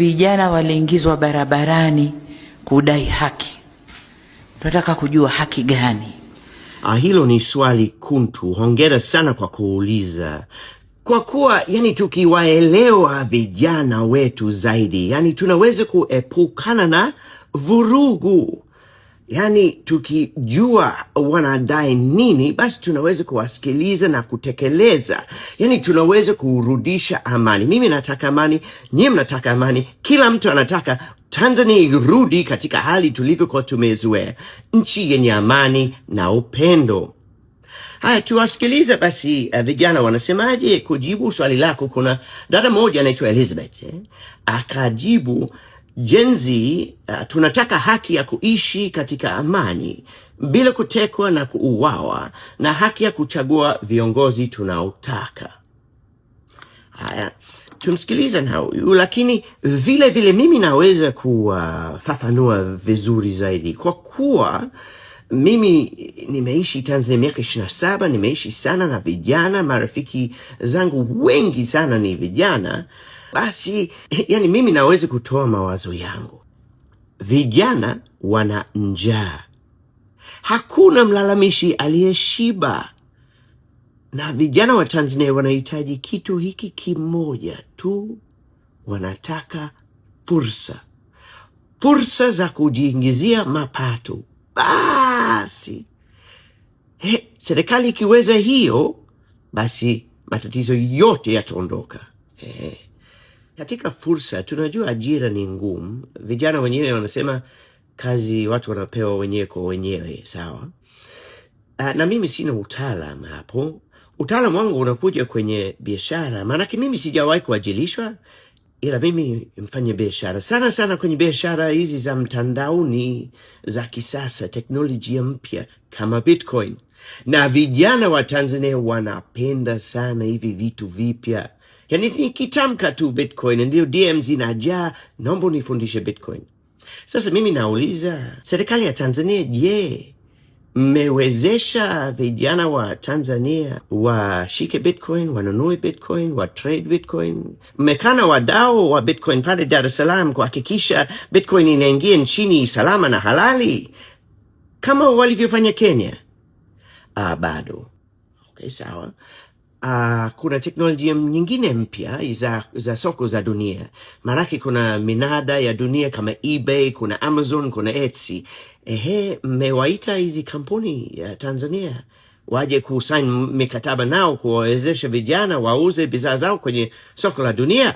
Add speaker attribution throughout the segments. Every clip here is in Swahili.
Speaker 1: vijana waliingizwa barabarani kudai haki. Tunataka kujua haki gani?
Speaker 2: Ah, hilo ni swali kuntu. Hongera sana kwa kuuliza, kwa kuwa yani, tukiwaelewa vijana wetu zaidi, yani tunaweza kuepukana na vurugu Yaani, tukijua wanadai nini, basi tunaweza kuwasikiliza na kutekeleza, yaani tunaweza kurudisha amani. Mimi nataka amani, nyie mnataka amani, kila mtu anataka Tanzania irudi katika hali tulivyokuwa tumezoea, nchi yenye amani na upendo. Haya, tuwasikilize basi, uh, vijana wanasemaje kujibu swali lako. Kuna dada moja anaitwa Elizabeth eh, akajibu Gen Z uh, tunataka haki ya kuishi katika amani bila kutekwa na kuuawa na haki ya kuchagua viongozi tunaotaka. Haya, tumsikiliza na huyu lakini vile vile mimi naweza kuwafafanua vizuri zaidi kwa kuwa mimi nimeishi Tanzania miaka ishirini saba, nimeishi sana na vijana. Marafiki zangu wengi sana ni vijana. Basi yani mimi nawezi kutoa mawazo yangu. Vijana wana njaa, hakuna mlalamishi aliyeshiba, na vijana wa Tanzania wanahitaji kitu hiki kimoja tu, wanataka fursa, fursa za kujiingizia mapato. ah! kazi. He, serikali ikiweza hiyo basi matatizo yote yataondoka. Katika fursa, tunajua ajira ni ngumu. Vijana wenyewe wanasema kazi watu wanapewa wenyewe kwa wenyewe, sawa. Ah, na mimi sina utaalam hapo. Utaalam wangu unakuja kwenye biashara, maanake mimi sijawahi kuajilishwa ila mimi mfanye biashara sana sana kwenye biashara hizi za mtandaoni za kisasa, teknolojia mpya kama Bitcoin, na vijana wa Tanzania wanapenda sana hivi vitu vipya. Yani nikitamka tu Bitcoin ndio DM zinajaa, naomba unifundishe Bitcoin. Sasa mimi nauliza serikali ya Tanzania, je, mmewezesha vijana wa Tanzania washike Bitcoin, wanunue Bitcoin, wa trade Bitcoin. Mmekana wadau wa Bitcoin pale Dar es Salaam kuhakikisha Bitcoin inaingia nchini salama na halali kama walivyofanya Kenya. Ah, bado okay, sawa uh, kuna teknolojia nyingine mpya za, za soko za dunia, maanake kuna minada ya dunia kama eBay, kuna Amazon, kuna Etsy. Ehe, mmewaita hizi kampuni ya Tanzania waje kusain mikataba nao kuwawezesha vijana wauze bidhaa zao kwenye soko la dunia.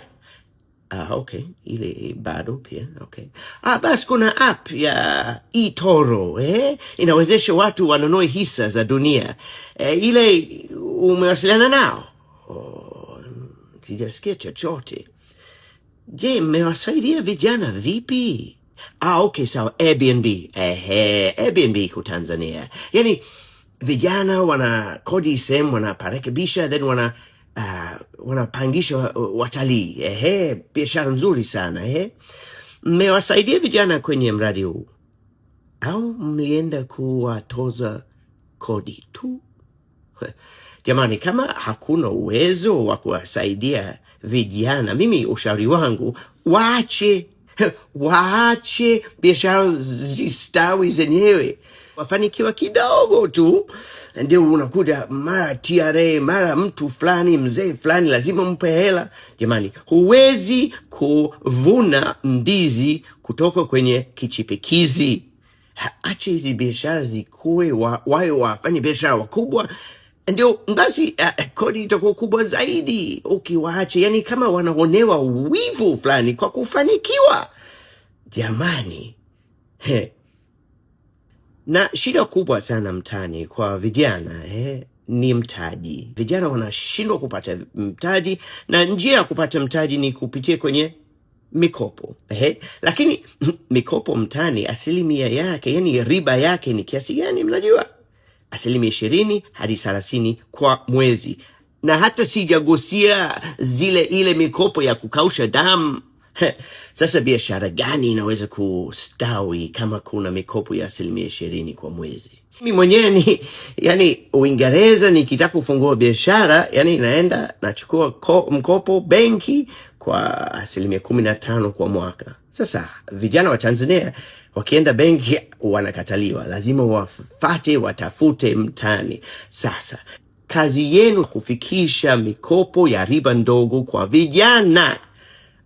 Speaker 2: Ah, okay, ile bado pia okay. Ah, basi kuna app ya eToro eh? Inawezesha watu wanunue hisa za dunia eh, ile umewasiliana nao? Oh, sijasikia chochote. Je, mmewasaidia vijana vipi? Ah, okay, sawa. Airbnb ehe, Airbnb ku Tanzania, yani vijana wanakodi sehemu wanaparekebisha then wana uh, wanapangisha watalii ehe, biashara nzuri sana ehe. Mmewasaidia vijana kwenye mradi huu au mlienda kuwatoza kodi tu? Jamani, kama hakuna uwezo wa kuwasaidia vijana, mimi ushauri wangu waache waache biashara zistawi zenyewe wafanikiwa kidogo tu, ndio unakuta mara TRA mara mtu fulani mzee fulani lazima mpe hela. Jamani, huwezi kuvuna ndizi kutoka kwenye kichipikizi. Acha hizi biashara zikuwe, wawe wafanya biashara wakubwa ndio basi, uh, kodi itakuwa kubwa zaidi ukiwaache. Yani kama wanaonewa wivu fulani kwa kufanikiwa, jamani na shida kubwa sana mtani kwa vijana eh, ni mtaji. Vijana wanashindwa kupata mtaji, na njia ya kupata mtaji ni kupitia kwenye mikopo eh. Lakini mikopo mtani asilimia yake, yani riba yake ni kiasi gani? Mnajua asilimia ishirini hadi thelathini kwa mwezi, na hata sijagusia zile ile mikopo ya kukausha damu Sasa biashara gani inaweza kustawi kama kuna mikopo ya asilimia ishirini kwa mwezi? Mi mwenyewe ni yani, Uingereza nikitaka kufungua biashara yani naenda nachukua mkopo benki kwa asilimia kumi na tano kwa mwaka. Sasa vijana wa Tanzania wakienda benki wanakataliwa, lazima wafate watafute mtani Sasa kazi yenu kufikisha mikopo ya riba ndogo kwa vijana.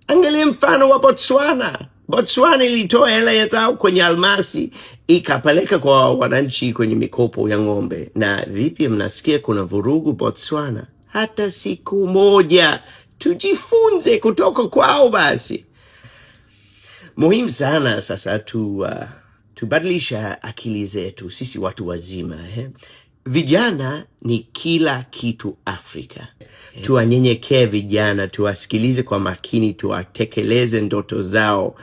Speaker 2: Angalia mfano wa Botswana. Botswana ilitoa hela zao kwenye almasi ikapeleka kwa wananchi kwenye mikopo ya ng'ombe. Na vipi, mnasikia kuna vurugu Botswana? Hata siku moja. Tujifunze kutoka kwao. Basi muhimu sana sasa tu uh, tubadilisha akili zetu sisi watu wazima eh? Vijana ni kila kitu Afrika. Tuwanyenyekee vijana, tuwasikilize kwa makini, tuwatekeleze ndoto zao,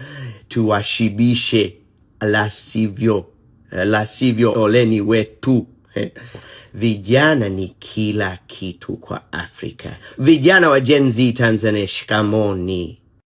Speaker 2: tuwashibishe, la sivyo, oleni wetu. Vijana ni kila kitu kwa Afrika. Vijana wa jenzi Tanzania, shikamoni.